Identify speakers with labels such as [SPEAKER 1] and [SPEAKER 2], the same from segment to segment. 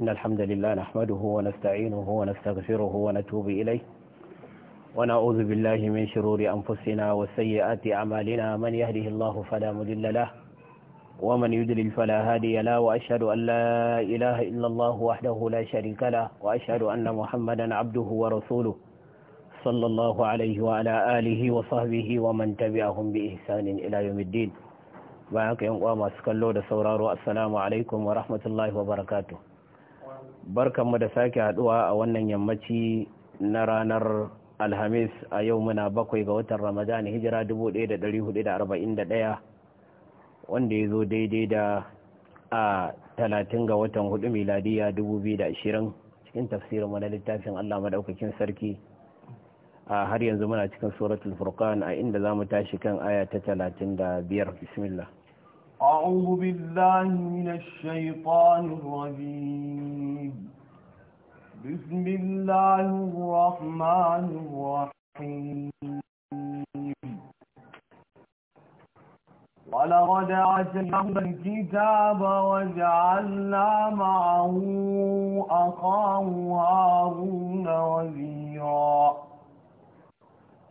[SPEAKER 1] إن الحمد لله نحمده ونستعينه ونستغفره ونتوب إليه ونعوذ بالله من شرور أنفسنا وسيئات أعمالنا من يهده الله فلا مذل له ومن يدلل فلا هادي له وأشهد أن لا إله إلا الله وحده لا شريك له وأشهد أن محمدا عبده ورسوله صلى الله عليه وعلى آله وصحبه ومن تبعهم بإحسان إلى يوم الدين معك يوم قام أسكالو دا سورارو السلام عليكم ورحمة الله وبركاته mu da sake haduwa a wannan yammaci na ranar alhamis a yau muna bakwai ga watan ramadan hijira 1441 wanda ya zo daidai da a talatin ga watan hudu miladiya 2020 cikin tafsirin na littafin allah madaukakin sarki a har yanzu muna cikin suratul Furkan a inda za mu tashi kan aya ta 35 bismillah
[SPEAKER 2] أعوذ بالله من الشيطان الرجيم بسم الله الرحمن الرحيم ولقد عتناه الكتاب وجعلنا معه أخاه هارون وزيرا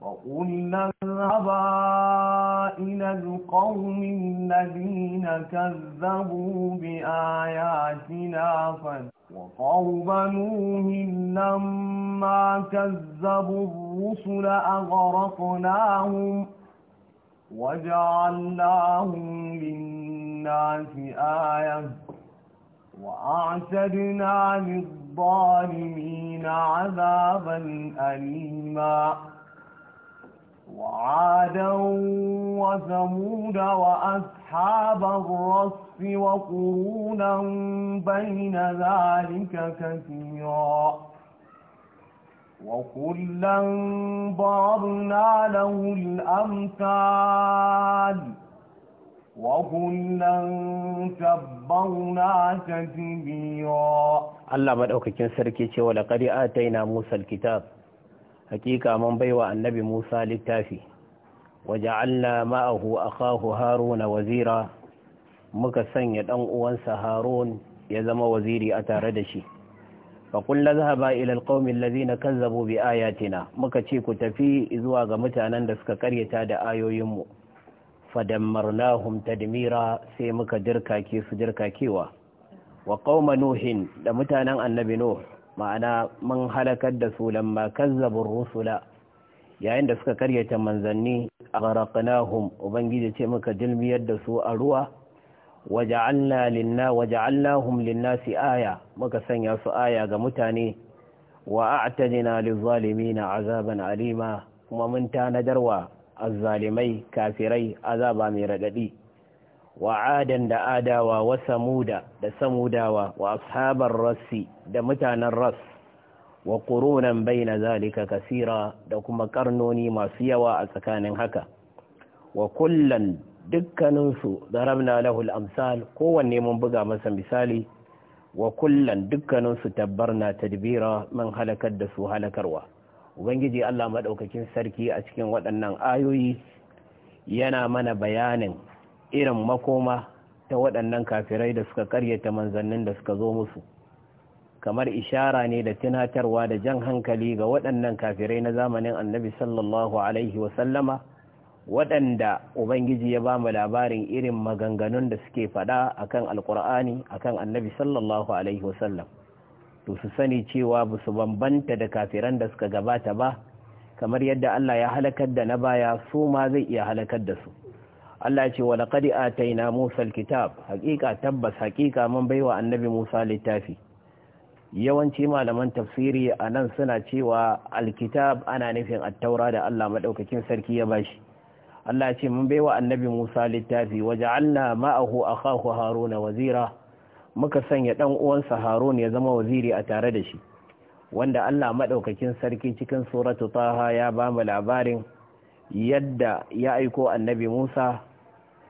[SPEAKER 2] وقلنا اذهبا إلى القوم الذين كذبوا بآياتنا وقوم نوح لما كذبوا الرسل أغرقناهم وجعلناهم للناس آية وأعتدنا للظالمين عذابا أليما وعادا وثمود وأصحاب الرس وقرونا بين ذلك كثيرا وكلا ضربنا له الأمثال وكلا تبرنا تتبيرا
[SPEAKER 1] الله مدعوك كنسر كيشي ولقد آتينا موسى الكتاب hakika mun baiwa annabi Musa littafi waja'alna ma'ahu akahu haruna wazira muka sanya dan uwansa harun ya zama waziri a tare da shi fa kullu zahaba ila alqaumi alladhina kazzabu bi ayatina muka ce ku tafi zuwa ga mutanen da suka karyata da ayoyinmu fadammarnahum tadmira sai muka dirkake su dirkakewa wa qauma nuhin da mutanen annabi nuh ma'ana mun halakar da su lamma kazzabur rusula yayin da suka karyata manzanni aghraqnahum ubangiji ce muka dilmiyar da su a ruwa waja'alna linna linnasi aya muka sanya su aya ga mutane wa a'tadina na azaban alima kuma mun tanadarwa azzalimai kafirai azaba mai radadi wa'adan da adawa wa samuda da samudawa wa ashabar rassi da mutanen ras wa ƙurunan bai na zalika kasira da kuma karnoni masu yawa a tsakanin haka wa kullan dukkaninsu zarabna lahul amsal kowanne mun buga masa misali wa kullan dukkaninsu tabbarna tadbira man halakar da su halakarwa ubangiji allah maɗaukakin sarki a cikin waɗannan ayoyi yana mana bayanin irin makoma ta waɗannan kafirai da suka karyata manzannin da suka zo musu kamar ishara ne da tunatarwa da jan hankali ga waɗannan kafirai na zamanin annabi sallallahu alaihi wasallama waɗanda ubangiji ya ba mu labarin irin maganganun da suke faɗa akan alkur'ani akan annabi sallallahu alaihi wasallam to su sani cewa ba su bambanta da kafiran da suka gabata ba kamar yadda Allah ya halakar da na baya su ma zai iya halakar da su Allah ce wa laqad ataina Musa alkitab hakika tabbas hakika mun baiwa annabi Musa littafi yawanci malaman tafsiri anan suna cewa alkitab ana nufin at-taura da Allah madaukakin sarki ya bashi Allah ce mun baiwa annabi Musa littafi waja'alna ma'ahu akahu Haruna wazira muka sanya dan uwansa Harun ya zama waziri a tare da shi wanda Allah madaukakin sarki cikin suratu Taha ya ba mu labarin yadda ya aiko annabi Musa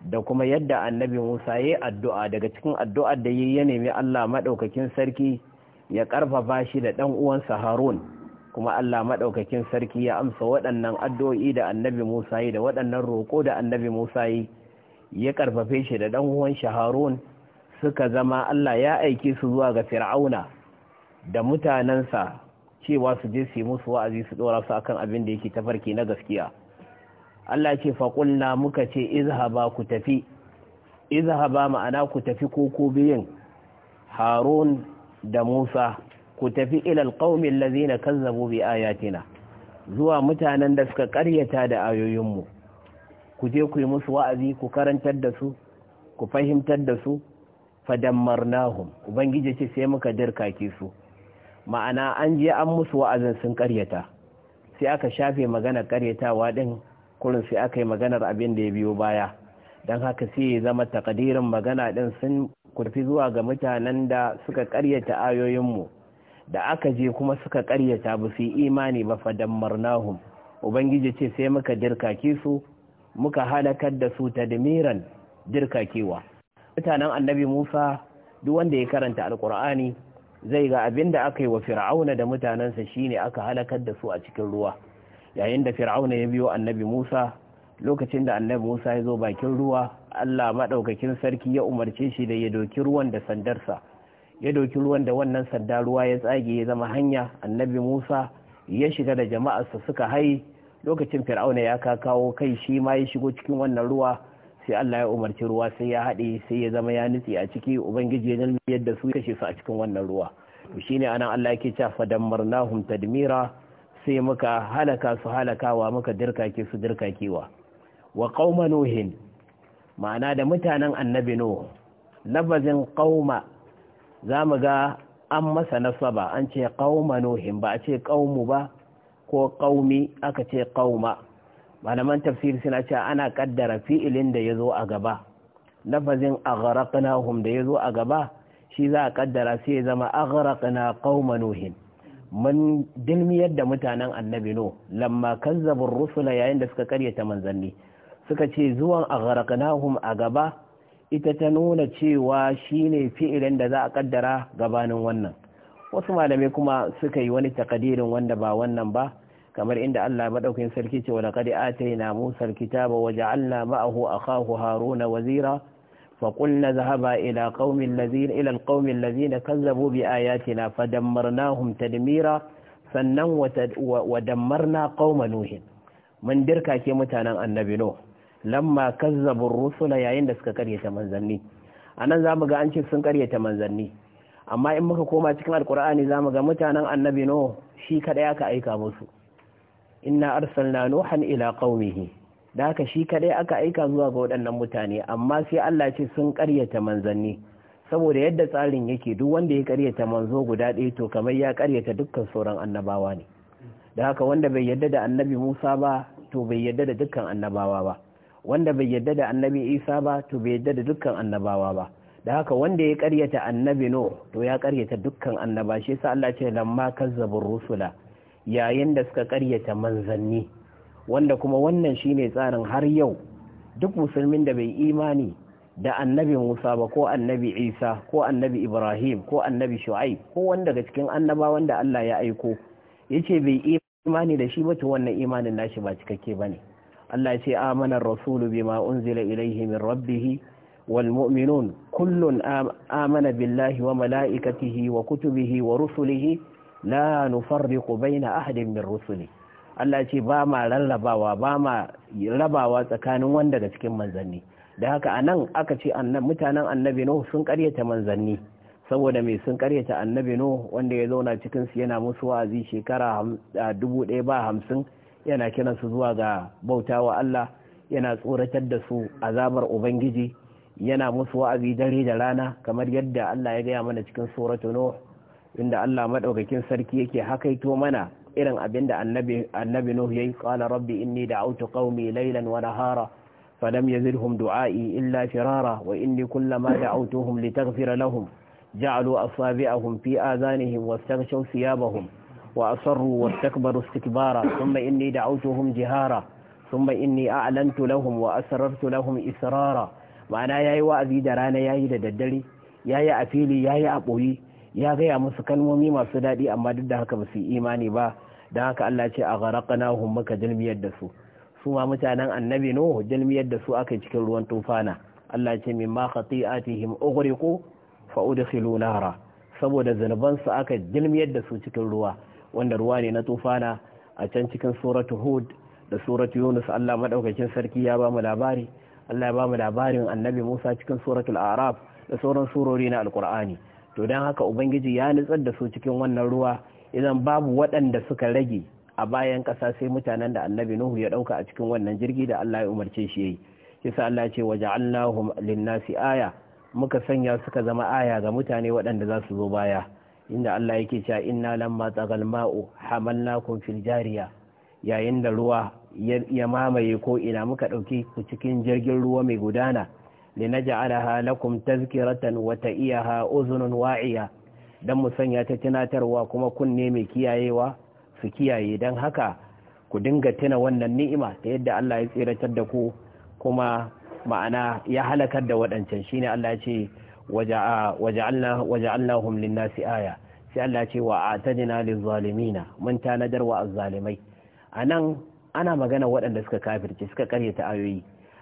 [SPEAKER 1] da kuma yadda annabi Musa ya yi addu'a daga cikin addu'ar da ya nemi Allah maɗaukakin sarki ya ƙarfafa shi da ɗan uwansa Harun kuma Allah maɗaukakin sarki ya amsa waɗannan addu'o'i da annabi Musa yi da waɗannan roƙo da annabi Musa yi ya ƙarfafe shi da ɗan uwan shi Harun suka zama Allah ya aike su zuwa ga Fir'auna da mutanensa cewa su je su yi musu wa'azi su ɗora su akan abin da yake tafarki na gaskiya. Allah ce faƙulna muka ce izhaba ku tafi izhaba ma'ana ku tafi koko biyin harun da musa ku tafi ilal qaumin lazina kazzabu bi ayatina zuwa mutanen da suka karyata da ayoyinmu ku je ku yi musu wa'azi ku karantar da su ku fahimtar da su nahu. ubangiji ce sai muka ki su ma'ana an je an musu wa'azin sun karyata sai aka shafe magana karyatawa din kurin sai aka yi maganar abin da ya biyo baya don haka sai ya zama takadirin magana ɗin sun kurfi zuwa ga mutanen da suka karyata ayoyinmu da aka je kuma suka karyata ba su yi imani ba fadan marnahum ubangiji ce sai muka dirkake su muka halakar da su tadmiran dirkakewa mutanen annabi musa duk wanda ya karanta alkur'ani zai ga abin da aka yi wa fir'auna da mutanensa shine aka halakar da su a cikin ruwa yayin da fir'auna ya biyo annabi musa lokacin da annabi musa ya zo bakin ruwa allah maɗaukakin sarki ya umarce shi da ya doki ruwan da sandarsa ya doki ruwan da wannan sanda ruwa ya tsage ya zama hanya annabi musa ya shiga da jama'arsa suka hai lokacin fir'auna ya kakawo kai shi ma ya shigo cikin wannan ruwa sai allah ya umarci ruwa sai ya haɗe sai ya zama ya nutse a ciki ubangiji ya nalmi yadda su kashe su a cikin wannan ruwa to shine anan allah yake cewa fadammarnahum tadmira sai muka halaka su halakawa muka dirkake su dirkakewa wa qauma nuhin ma'ana da mutanen annabi nuh labazin qauma zamu ga an masa nasaba an ce qauma nuhin ba a ce qaumu ba ko qaumi aka ce qauma malaman tafsiri suna cewa ana kaddara fi'ilin da yazo a gaba lafazin aghraqnahum da yazo a gaba shi za a kaddara sai ya zama aghraqna qauma nuhin mun dilmiyar da mutanen annabi no lamma kazzabur rusula yayin da suka karyata manzanni suka ce zuwan agharqnahum a gaba ita ta nuna cewa shine fi'ilin da za a kaddara gabanin wannan wasu malamai kuma suka yi wani takadirin wanda ba wannan ba kamar inda Allah maɗaukin sarki ce wa laqad atayna Musa alkitaba wa allah ma'ahu akahu Haruna wazira فقلنا اذهبا إلى قوم الذين إلى القوم الذين كذبوا بآياتنا فدمرناهم تدميرا sannan wa dammarna qauma nuhin mun ke mutanen annabi nuh lamma kazzabu rusula yayin da suka karyata manzanni anan zamu ga an ce sun karyata manzanni amma in muka koma cikin alqur'ani zamu ga mutanen annabi nuh shi kada ya ka aika musu inna arsalna nuhan ila qaumihi da haka shi kadai aka aika zuwa ga waɗannan mutane amma sai Allah ce sun ƙaryata manzanni saboda yadda tsarin yake duk wanda ya ƙaryata manzo guda ɗaya to kamar ya ƙaryata dukkan sauran annabawa ne da haka wanda bai yadda da annabi Musa ba to bai yadda da dukkan annabawa ba wanda bai yadda da annabi Isa ba to bai yadda da dukkan annabawa ba da haka wanda ya ƙaryata annabi no to ya ƙaryata dukkan annaba shi yasa Allah ce lamma kazzabur rusula yayin da suka ƙaryata manzanni wanda kuma wannan shine tsarin har yau duk musulmin da bai imani da annabi Musa ba ko annabi Isa ko annabi Ibrahim ko annabi Shu'aib ko wanda daga cikin annabawan da Allah ya aiko yace bai imani da shi ba to wannan imanin nashi ba cikakke bane Allah yace ce amana ar-rasulu bima unzila ilayhi min rabbih wal mu'minun kullun amana billahi wa malaikatihi wa kutubihi wa rusulihi la nufarriqu bayna ahadin min rusulihi Allah ce ba ma rarrabawa ba ma rabawa tsakanin wanda daga cikin manzanni da haka a nan aka ce mutanen annabi Nuhu sun karyata manzanni saboda mai sun karyata annabi Nuhu wanda ya zauna cikin yana musu wa'azi shekara dubu ɗaya ba hamsin yana kiran su zuwa ga bautawa Allah yana tsoratar da su azabar ubangiji yana musu wa'azi dare da rana kamar yadda Allah ya gaya mana cikin suratu Nuh inda Allah madaukakin sarki yake hakaito mana irin abin da annabi Nuhu ya yi ƙala rabbi inni da autu ƙaumi lailan wa nahara falam ya zirhum du'a'i illa firara wa inni kullama da autuhum litaghfira lahum ja'alu asabi'ahum fi azanihim wastaghshaw thiyabahum wa asarru wastakbaru istikbara thumma inni da'awtuhum jihara thumma inni a'lantu lahum wa asrartu lahum israra ma'ana yayi wa'azi da rana yayi da daddare yayi a fili yayi a ɓoye. ya gaya musu kalmomi masu daɗi amma duk da haka ba su imani ba don haka Allah ce a gharaqnahum muka jalmiyar da su su ma mutanen annabi no jalmiyar da su aka cikin ruwan tufana Allah ce min ma khati'atihim ughriqu fa udkhilu nara saboda zanuban su aka jalmiyar da su cikin ruwa wanda ruwa ne na tufana a can cikin suratu hud da suratu yunus Allah madaukakin sarki ya ba mu labari Allah ya ba mu labarin annabi Musa cikin suratul a'raf da sauran surori na alqur'ani to don haka ubangiji ya nutsar da su cikin wannan ruwa idan babu waɗanda suka rage a bayan ƙasa sai mutanen da annabi nuhu ya ɗauka a cikin wannan jirgi da allah ya umarce shi yi kisa allah ce waje allahu linnasi aya muka sanya suka zama aya ga mutane waɗanda za su zo baya inda allah yake cewa inna lamma tsagal ma'u na fil jariya yayin da ruwa ya mamaye ko ina muka ɗauki ku cikin jirgin ruwa mai gudana linaj'alaha lakum tazkiratan wa ta'iyaha uzunun wa'iya dan mu sanya ta tunatarwa kuma kunne mai kiyayewa su kiyaye dan haka ku dinga tuna wannan ni'ima ta yadda Allah ya tsiratar da ku kuma ma'ana ya halakar da waɗancan shine Allah ya ce waja'alna waja'alnahum lin-nasi aya sai Allah ce wa atadina lizalimina mun tanadar wa azzalimai anan ana magana waɗanda suka kafirce suka karyata ayoyi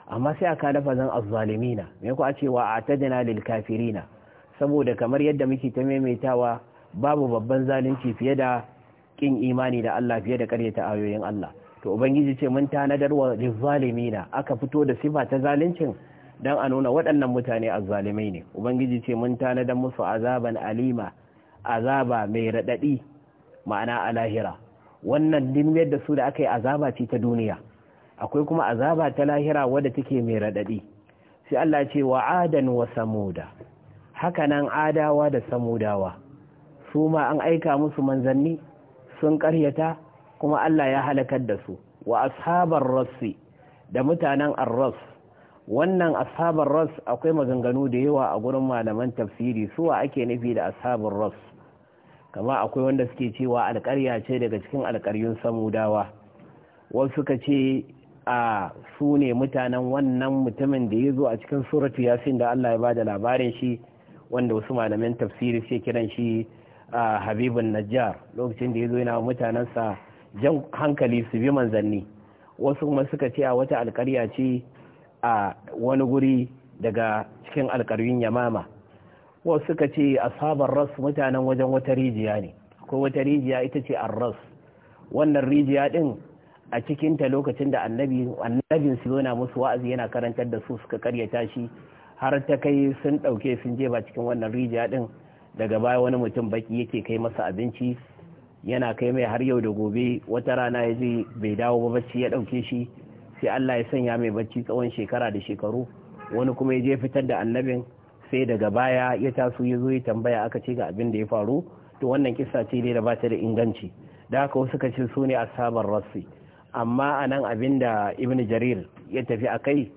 [SPEAKER 1] amma sai aka lafazin azzalimina me ku a cewa atadna lil kafirina saboda kamar yadda muke ta maimaitawa babu babban zalunci fiye da kin imani da Allah fiye da karyata ayoyin Allah to ubangiji ce mun tanadar wa zalimina aka fito da sifa ta zaluncin dan a nuna waɗannan mutane azzalimai ne ubangiji ce mun tanadar musu azaban alima azaba mai radadi ma'ana a lahira wannan din yadda su da aka yi azaba ce ta duniya akwai kuma azaba ta lahira wadda take mai radadi sai Allah ce wa adan wa samuda hakanan adawa da samudawa su ma an aika musu manzanni sun karyata kuma Allah ya halakar da su wa ashabar rassi da mutanen arras wannan ashabar ras akwai maganganu da yawa a gurin malaman tafsiri su wa ake nufi da ashabar ras Kamar akwai wanda suke cewa alƙarya ce daga cikin alƙaryun samudawa wasu suka ce a su ne mutanen wannan mutumin da ya zo a cikin suratu yasin da Allah ya ba da labarin shi wanda wasu malamin tafsiri suke kiran shi a habibun najjar lokacin da ya zo yana mutanensa jan hankali su bi manzanni wasu kuma suka ce a wata alkarya ce a wani guri daga cikin alkarwin yamama wasu suka ce sabon ras mutanen wajen wata rijiya ne ko wata rijiya ita ce a ras wannan rijiya din a cikinta lokacin da annabi annabin su yana musu wa'azi yana karantar da su suka karyata shi har ta kai sun ɗauke sun je ba cikin wannan rijiya din daga baya wani mutum baki yake kai masa abinci yana kai mai har yau da gobe wata rana ya je bai dawo ba bacci ya ɗauke shi sai Allah ya sanya mai bacci tsawon shekara da shekaru wani kuma ya je fitar da annabin sai daga baya ya taso ya zo ya tambaya aka ce ga abin da ya faru to wannan kisa ce dai da ba ta da inganci da haka wasu kace su ne asabar rassi amma anan abinda ibn jarir ya tafi kai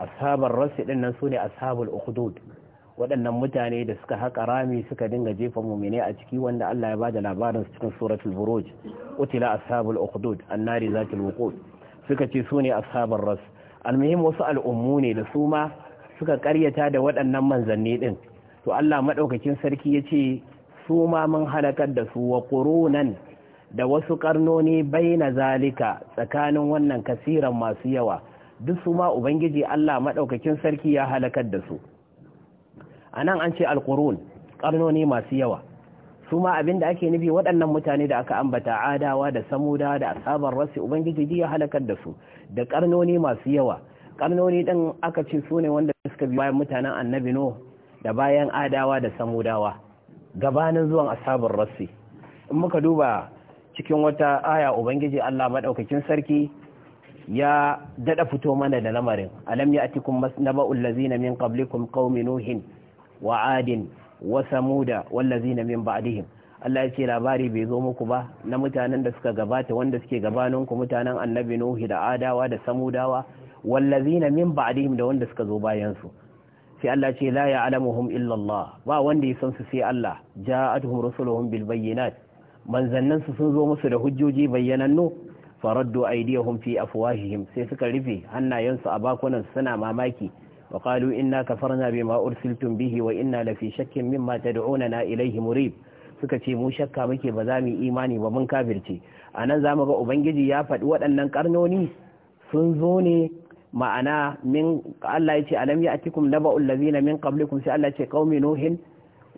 [SPEAKER 1] ashabar rasi din nan sune ashabul ukhdud waɗannan mutane da suka haƙa rami suka dinga jefa mumine a ciki wanda Allah ya bada labarin cikin suratul buruj utila ashabul ukhdud annari zatul wuqud suka ce sune ashabar ras almuhim wasu al'ummu ne da su ma suka karyata da waɗannan manzanni din to Allah maɗaukacin sarki yace su ma mun halakar da su wa qurunan da wasu karnoni bai na zalika tsakanin wannan kasiran masu yawa duk su ma ubangiji Allah madaukakin sarki ya halakar da su anan an ce alqurun karnoni masu yawa su ma abinda ake nufi waɗannan mutane da aka ambata adawa da samuda da asabar rasi ubangiji ya halakar da su da karnoni masu yawa karnoni din aka ce su ne wanda suka bi bayan mutanen annabi no da bayan adawa da samudawa gabanin zuwan asabar rasi in muka duba cikin wata aya ubangiji Allah madaukakin sarki ya dada fito mana da lamarin alam ya'tikum masnaba'ul ladzina min qablikum qaumi nuhin wa adin wa samuda wal ladzina min ba'dihim Allah ya ce labari bai zo muku ba na mutanen da suka gabata wanda suke gabaninku mutanen annabi nuhi da adawa da samudawa wallazina min ba'dihim da wanda suka zo bayan su sai Allah ce la ya'lamuhum illa Allah ba wanda ya san su sai Allah ja'atuhum rusuluhum bil bayyinat manzannansu sun zo musu da hujjoji bayyanannu faraddu aydiyahum fi afwahihim sai suka rufe hannayensu a bakunan suna mamaki wa qalu inna kafarna bima ursiltum bihi wa inna la fi shakkin mimma na ilayhi murib suka ce mu shakka muke ba za mu imani ba mun kafirce anan zamu ga ubangiji ya faɗi waɗannan karnoni sun zo ne ma'ana min Allah ya ce alam ya'tikum naba'ul ladzina min qablikum sai Allah ya ce qaumi nuhin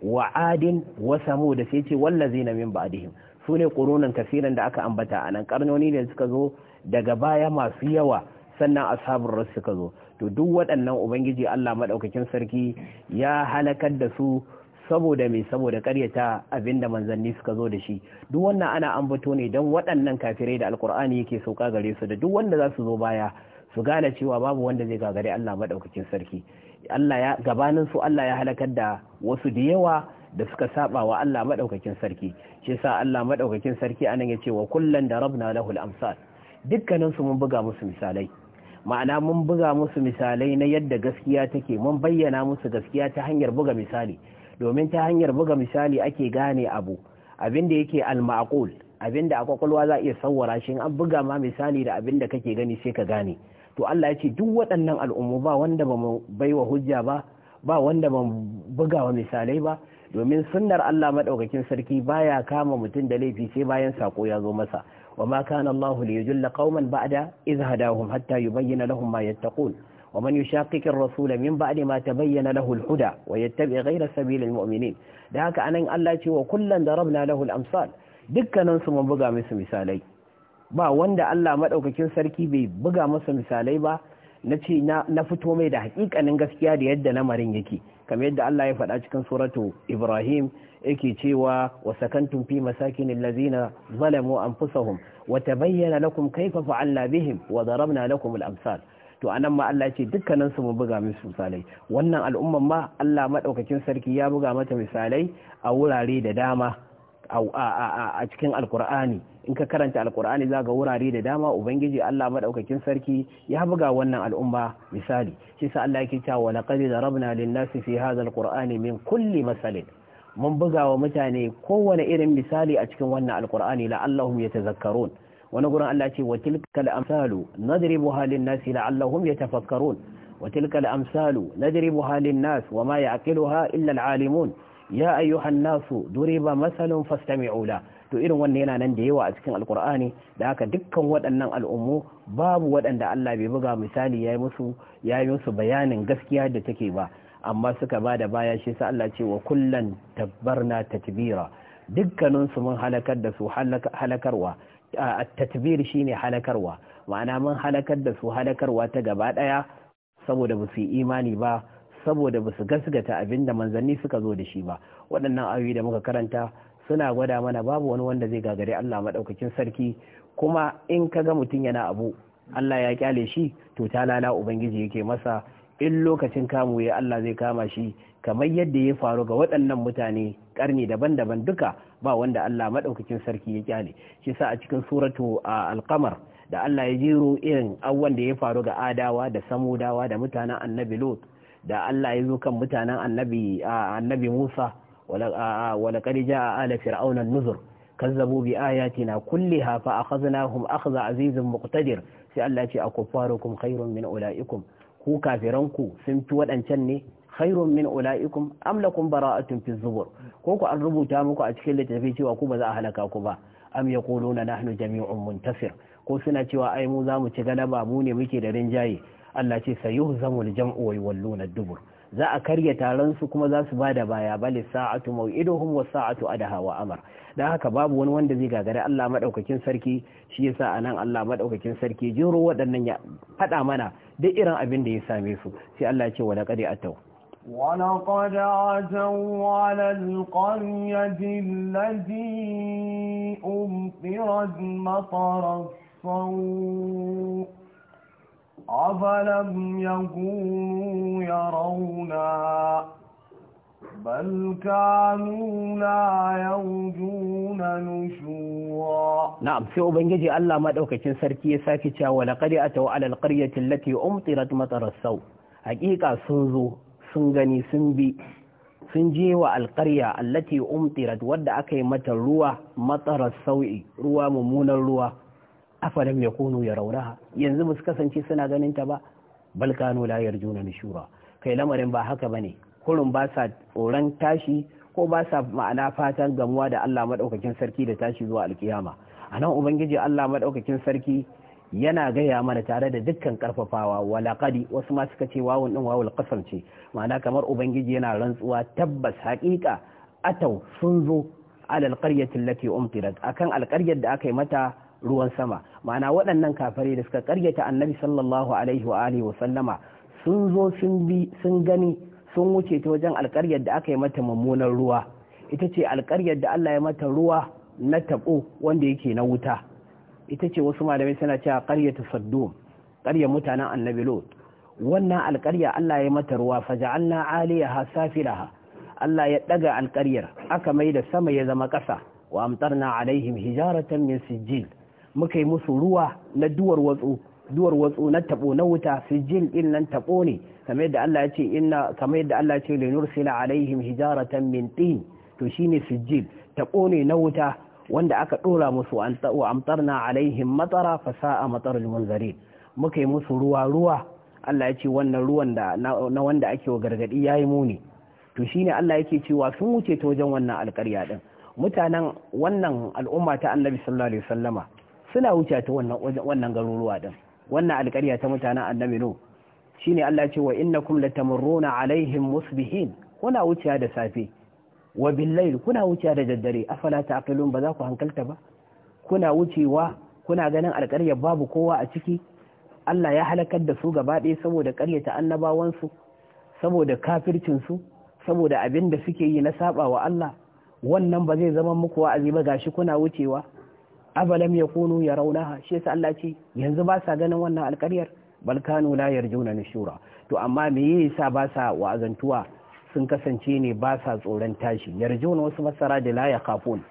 [SPEAKER 1] wa adin wa da sai ce wallazina min ba'dihim ne ƙurunan kasiran da aka ambata a nan karnoni ne suka zo daga baya masu yawa sannan ashabur rasu suka zo to duk waɗannan ubangiji Allah maɗaukakin sarki ya halakar da su saboda mai saboda karyata abinda manzanni suka zo da shi duk wannan ana ambato ne don waɗannan kafirai da alkur'ani yake sauka gare su da duk wanda za su zo baya su gane cewa babu wanda zai gagare Allah maɗaukacin sarki Allah ya gabanin su Allah ya halakar da wasu da yawa da suka saba wa Allah madaukakin sarki shi yasa Allah madaukakin sarki anan ce wa kullan da lahu al-amsal dukkanin su mun buga musu misalai ma'ana mun buga musu misalai na yadda gaskiya take mun bayyana musu gaskiya ta hanyar buga misali domin ta hanyar buga misali ake gane abu abin da yake al-ma'qul abinda a kwakwalwa za a iya sauwara shi an buga ma misali da abinda kake gani sai ka gane to Allah ya ce duk waɗannan al'ummu ba wanda ba mu baiwa hujja ba ba wanda ba buga wa misalai ba domin sunnar Allah madaukakin sarki baya kama mutum da laifi sai bayan sako ya zo masa wa ma kana Allah li yujilla qauman ba'da idh hadahum hatta yubayyana lahum ma yattaqun ومن يشاقق الرسول من بعد ما تبين له الهدى ويتبع غير سبيل المؤمنين Allah هكا wa الله da وكلا na له amsal Dukkanansu mun buga musu misalai ba wanda Allah maɗaukakin sarki bai buga musu misalai ba na ce na fito mai da hakikanin gaskiya da yadda lamarin yake kamar yadda Allah ya faɗa cikin suratu Ibrahim yake cewa wa sakantum fi masakin allazina zalamu anfusahum wa tabayyana lakum kayfa fa'alna bihim wa darabna lakum al-amsal to anan ma Allah ce dukkanin su buga musu misalai wannan al'umman ma Allah madaukakin sarki ya buga mata misalai a wurare da dama a cikin alkur'ani in ka karanta alkur'ani za ga wurare da dama ubangiji Allah maɗaukakin sarki ya buga wannan al'umma misali shi sa Allah yake cewa laqad darabna lin-nasi fi hadha alqur'ani min kulli masalin mun buga wa mutane kowane irin misali a cikin wannan alkur'ani la'allahum yatazakkarun wani gurin Allah ce wa tilkal amsalu nadribuha lin-nasi la'allahum yatafakkarun wa tilkal amsalu nadribuha lin-nas wa ma ya'qiluha illa alimun ya ayyuhan nasu duriba masalun fastami'u la to irin wannan yana nan da yawa a cikin alkur'ani da haka dukkan waɗannan al'ummu babu waɗanda Allah bai buga misali yayi musu yayi musu bayanin gaskiya da take ba amma suka ba da baya shi sa Allah ce wa kullan tabbarna tatbira dukkanin su mun halakar da su halakarwa at-tatbir shine halakarwa ma'ana mun halakar da su halakarwa ta gaba daya saboda ba su imani ba saboda ba su gasgata abin da manzanni suka zo da shi ba waɗannan ayoyi da muka karanta suna gwada mana babu wani wanda zai gagare Allah maɗaukakin sarki kuma in ka ga mutum yana abu Allah ya kyale shi to ta lala ubangiji yake masa in lokacin kamu ya Allah zai kama shi kamar yadda ya faru ga waɗannan mutane ƙarni daban-daban duka ba wanda Allah maɗaukakin sarki ya kyale shi sa a cikin suratu a alkamar da Allah ya jiro irin abubuwan da ya faru ga adawa da samudawa da mutanen annabi lot da Allah ya zo kan mutanen annabi annabi Musa wala qad jaa ala fir'auna an-nuzur kazzabu bi ayatina kulliha fa akhadnahum akhza azizin muqtadir sai Allah ya ce akuffarukum khairun min ulaikum ku kafiranku sun fi waɗancan ne khairun min ulaikum am lakum bara'atun fi zubur ko ku an rubuta muku a cikin littafi cewa ku ba za a halaka ku ba am yaquluna nahnu jami'un muntasir ko suna cewa ai mu za mu ci galaba mu ne muke da rinjaye Allah ce sai sayuhzamu jamu wa yuwalluna ad-dubur za a karya taron su kuma za su bada baya bali sa'atu maw'iduhum wa sa'atu adaha wa amar dan haka babu wani wanda zai gagare Allah madaukakin sarki shi yasa anan Allah madaukakin sarki jiro waɗannan ya faɗa mana duk irin abin da ya same su sai Allah ce wala qad ataw
[SPEAKER 2] ولقد عتوا على القرية التي أمطرت مطر الصوت أفلم يكونوا يرونا بل كانوا لا يرجون نشورا
[SPEAKER 1] نعم في أبنجي الله مدوكة سركية ساكتة ولقد أتوا على القرية التي أمطرت مطر السوء حقيقة سنزو سنغني سنبي sun je wa alƙarya allati umtirat wadda aka yi mata ruwa matsarar sau'i ruwa mummunan ruwa afalam yakunu yarawnaha yanzu musu kasance suna ganin ta ba bal kanu la yarjuna nushura kai lamarin ba haka bane kurun ba sa tsoron tashi ko ba sa ma'ana fatan gamuwa da Allah madaukakin sarki da tashi zuwa alkiyama anan ubangiji Allah madaukakin sarki yana gaya mana tare da dukkan karfafawa walaƙadi wasu ma suka ce wawun ɗin wawul ƙasar ce ma'ana kamar ubangiji yana rantsuwa tabbas haƙiƙa atau sun zo alal ƙaryatin lati umtirat akan alƙaryar da aka yi mata ruwan sama ma'ana waɗannan kafare da suka karyata annabi sallallahu alaihi wa alihi wa sallama sun zo sun bi sun gani sun wuce ta wajen alƙaryar da aka yi mata mummunan ruwa ita ce alƙaryar da Allah ya mata ruwa na taɓo wanda yake na wuta ita ce wasu malamai suna cewa ta saddum karya mutanen annabi lot wannan alƙarya Allah ya mata ruwa faja'alna aliyaha safilaha Allah ya daga alƙaryar aka mai da sama ya zama ƙasa wa amtarna alaihim hijaratan min sijil muka yi musu ruwa na duwar watsu duwar watsu na tabo na wuta sijil din nan tabo ne kamar yadda Allah ya ce inna kamar yadda Allah ya ce linursila alaihim hijaratan min tin to shine sijil tabo ne na wuta wanda aka dora musu an wa amtarna alaihim matara fa sa'a matarul munzarin muka yi musu ruwa ruwa Allah ya ce wannan ruwan da na wanda ake wa gargadi yayi muni to shine Allah yake cewa sun wuce ta wajen wannan alƙarya din mutanen wannan al'umma ta Annabi sallallahu alaihi wasallama suna wuce ta wannan garuruwa din wannan alƙarya ta mutanen annabi no shine Allah ce wa innakum latamurruna alaihim musbihin kuna wuce da safe wa billayl kuna wuce da daddare afala taqilun ba za ku hankalta ba kuna wucewa kuna ganin alƙarya babu kowa a ciki Allah ya halakar da su gaba ɗaya saboda ƙaryata annabawansu saboda kafircin su, saboda abin da suke yi na saba wa Allah wannan ba zai zama muku wa'azi ba gashi kuna wucewa abalam ya yarawnaha shi yasa Allah ce yanzu ba sa ganin wannan alƙaryar bal kanu la yarjuna nushura to amma me yasa ba sa wa'azantuwa sun kasance ne ba sa tsoron tashi yarjuna wasu masara da la yakhafun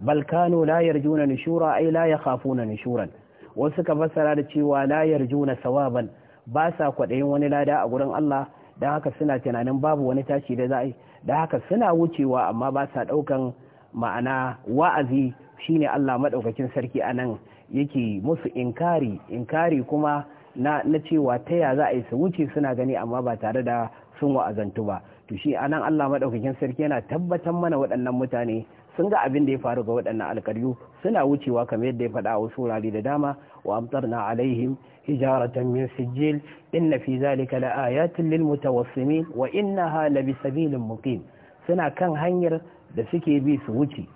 [SPEAKER 1] bal kanu la yarjuna nushura ai la yakhafuna nushuran wasu ka fassara da cewa la yarjuna sawaban ba sa kwaɗayin wani lada a gurin Allah don haka suna tunanin babu wani tashi da za'a yi dan haka suna wucewa amma ba sa ɗaukan ma'ana wa'azi shine Allah madaukakin sarki anan yake musu inkari inkari kuma na cewa ta ya za a yi su wuce suna gani amma ba tare da sun wa'azantu ba to shi anan Allah madaukakin sarki yana tabbatar mana waɗannan mutane sun ga abin da ya faru ga waɗannan alkaryu suna wucewa kamar yadda ya faɗa wasu wurare da dama wa amtarna alaihim hijaratan min sijil inna fi zalika laayatin lil mutawassimin wa innaha halabi bisabilin muqim suna kan hanyar da suke bi su wuce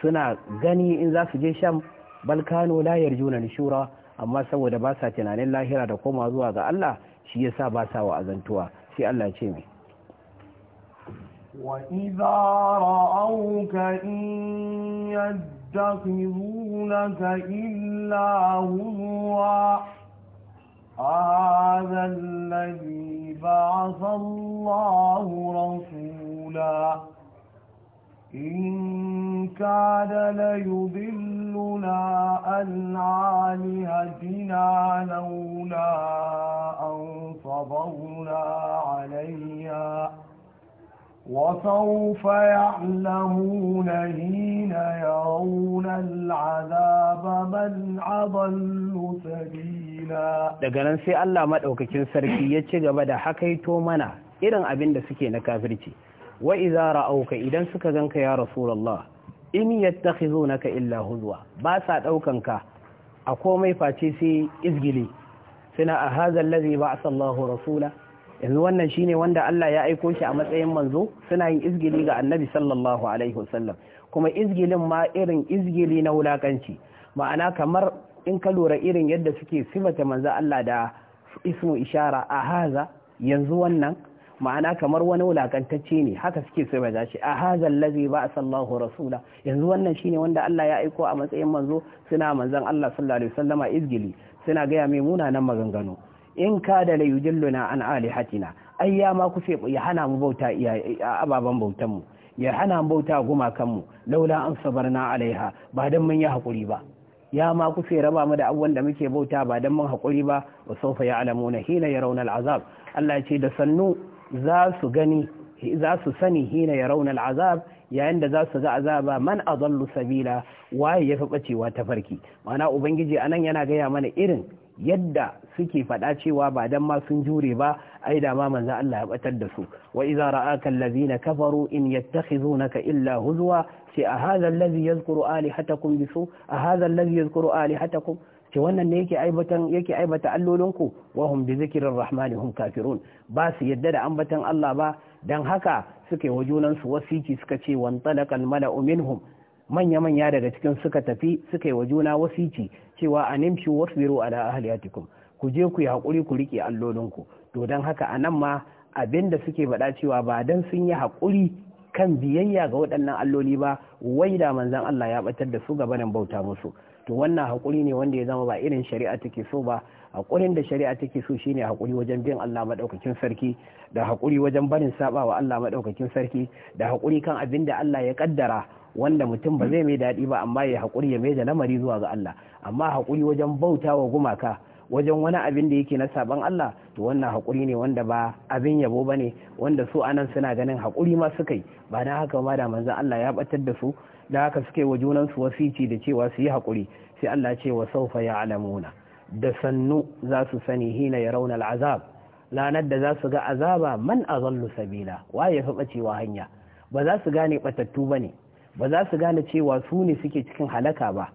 [SPEAKER 1] suna gani in za su je sham balkano la yarjuna nishura amma saboda ba sa tunanin lahira da koma zuwa ga Allah shi ya sa ba sa wa azantuwa sai Allah ya ce mai
[SPEAKER 2] وإذا رأوك إن يتخذونك إلا هزوا هذا الذي بعث الله رسولا إن كاد ليضلنا عن آلهتنا لولا أن صبرنا عليها وسوف يعلمون حين يرون العذاب من أضل سبيلا
[SPEAKER 1] daga nan sai Allah madaukakin sarki ya ci gaba da hakaito mana irin abin da suke na kafirci wa idza ra'auka idan suka ganka ya rasulullah in yattakhizunaka illa huzwa ba sa daukan ka a komai face sai izgili suna a hadha allazi ba'atha Allahu rasula yanzu wannan shine wanda Allah ya aiko shi a matsayin manzo suna yin izgili ga annabi sallallahu alaihi wasallam kuma izgilin ma irin izgili na wulakanci ma'ana kamar in ka lura irin yadda suke sifata manzo Allah da ismu ishara a haza yanzu wannan ma'ana kamar wani wulakantacce ne haka suke so baza zashi a hazal ba ba'atha sallahu rasula yanzu wannan shine wanda Allah ya aiko a matsayin manzo suna manzon Allah sallallahu alaihi wasallama izgili suna gaya mai munanan maganganu in ka da la yujilluna an alihatina ai ya ma kufe ya hana mu bauta ababan bautan mu ya hana mu bauta gumakanmu, kanmu laula an sabarna alaiha ba dan mun yi hakuri ba ya ma kufe raba mu da abubuwan da muke bauta ba dan mun hakuri ba wa ya alamuna hina yarawna azab, Allah ya ce da sannu za su gani za su sani hina ya raunar azab yayin da za su ga azaba man adallu sabila waye ya fi bacewa ta farki mana ubangiji anan yana gaya mana irin yadda suke faɗa cewa ba dan ma sun jure ba ai da ma manzo Allah ya batar da su wa idza ra'aka allazina kafaru in yattakhizunaka illa huzwa sai a hadha allazi yadhkuru alihatakum bisu a hadha allazi yadhkuru alihatakum ce wannan ne yake aibatan yake aibata allolinku wa hum bi zikrir rahmani hum kafirun ba su yadda da ambatan Allah ba dan haka suke wa wajunan su wasiki suka ce wan talaqal mala'u minhum manya manya daga cikin suka tafi suka yi wa juna wasici cewa animshu wasbiru ala ahliyatikum ku je ku yi hakuri ku rike allolinku to dan haka anan ma abinda suke bada cewa ba dan sun yi hakuri kan biyayya ga waɗannan alloli ba wai da manzon Allah ya batar da su gabanin bauta musu to wannan hakuri ne wanda ya zama ba irin shari'a take so ba haƙurin da shari'a take so shine hakuri wajen bin Allah maɗaukakin sarki da hakuri wajen barin saba wa Allah maɗaukakin sarki da hakuri kan abin da Allah ya ƙaddara wanda mutum ba zai mai daɗi ba amma ya hakuri ya mai da lamari zuwa ga Allah amma hakuri wajen bauta wa gumaka wajen wani abin da yake na saban Allah to wannan hakuri ne wanda ba abin yabo ba ne wanda su anan suna ganin hakuri ma suka yi ba na haka ma da manzon Allah ya batar da su da haka suke wa junansu wasici da cewa su yi haƙuri sai Allah ce wa saufa ya alamuna da sannu za su sani hina ya rauna al'azab lanar da za su ga azaba man azallu sabila waye ya fi ɓacewa hanya ba za su gane ɓatattu ba ne ba za su gane cewa su ne suke cikin halaka ba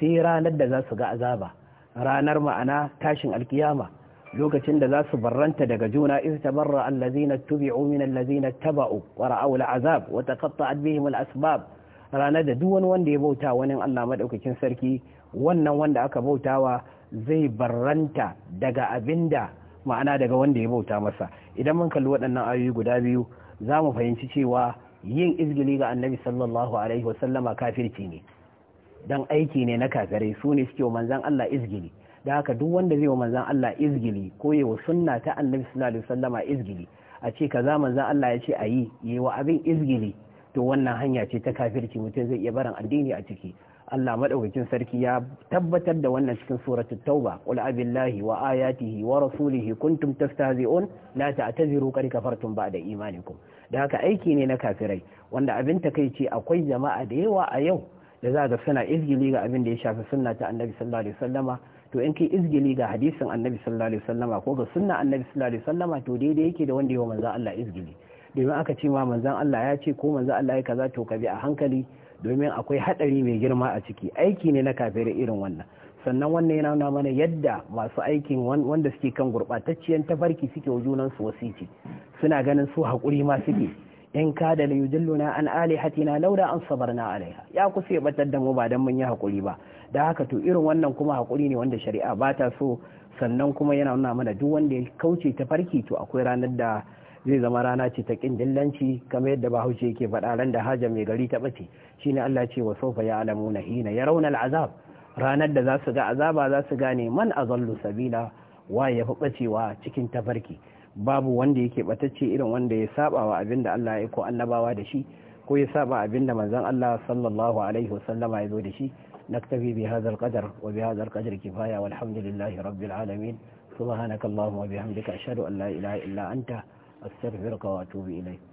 [SPEAKER 1] sai ranar da za su ga azaba ranar ma'ana tashin alkiyama lokacin da za su barranta daga juna iz tabarra allazina tubi'u min allazina taba'u wa ra'aw al'azab wa taqatta'at bihim al'asbab ranar da duk wani wanda ya bauta wani Allah maɗaukakin sarki wannan wanda aka bautawa zai barranta daga abinda ma'ana daga wanda ya bauta masa idan mun kalli waɗannan ayoyi guda biyu za mu fahimci cewa yin izgili ga annabi sallallahu alaihi wasallama kafirci ne dan aiki ne na kafirai su ne suke wa manzan Allah izgili da haka duk wanda zai wa manzan Allah izgili ko wa sunna ta annabi sallallahu alaihi wasallama izgili a ce ka za manzan Allah ya ce a yi yi wa abin izgili to wannan hanya ce ta kafirci mutum zai iya barin addini a ciki Allah madaukakin sarki ya tabbatar da wannan cikin suratu tauba qul abillahi wa ayatihi wa rasulihi kuntum tastahzi'un la ta'taziru qad kafartum ba'da imanikum da haka aiki ne na kafirai wanda abin takeici akwai jama'a da yawa a yau da za ga suna izgili ga abin da ya shafi sunna ta annabi sallallahu alaihi wasallama to in kai izgili ga hadisin annabi sallallahu alaihi wasallama ko ga sunna annabi sallallahu alaihi wasallama to daidai yake da wanda yawa manzo Allah izgili domin aka ce ma manzan Allah ya ce ko manzan Allah ya kaza to ka bi a hankali domin akwai hadari mai girma a ciki aiki ne na kafirai irin wannan sannan wannan yana nuna mana yadda masu aikin wanda suke kan gurbatacciyar tafarki suke junansu su suna ganin su hakuri ma suke in ka da la yudilluna an hatina laula an sabarna alaiha ya kusa ya batar da mu ba dan mun yi hakuri ba da haka to irin wannan kuma hakuri ne wanda shari'a ba ta so sannan kuma yana nuna mana duk wanda ya kauce tafarki to akwai ranar da zai zama rana ce ta kin dillanci kamar yadda bahaushe yake faɗa ran da haja mai gari ta ɓace shine Allah ce wa sofa ya alamu na hina ya raunar azab ranar da za su ga azaba za su gane man azallu sabila wa ya fi ɓacewa cikin tafarki babu wanda yake ɓatacce irin wanda ya saba wa abin da Allah ya ko annabawa da shi ko ya saba abin da manzon Allah sallallahu alaihi wasallama ya zo da shi نكتفي بهذا القدر وبهذا القدر كفاية والحمد لله رب العالمين سبحانك اللهم وبحمدك أشهد أن لا إله إلا أنت a wa atubu ilayk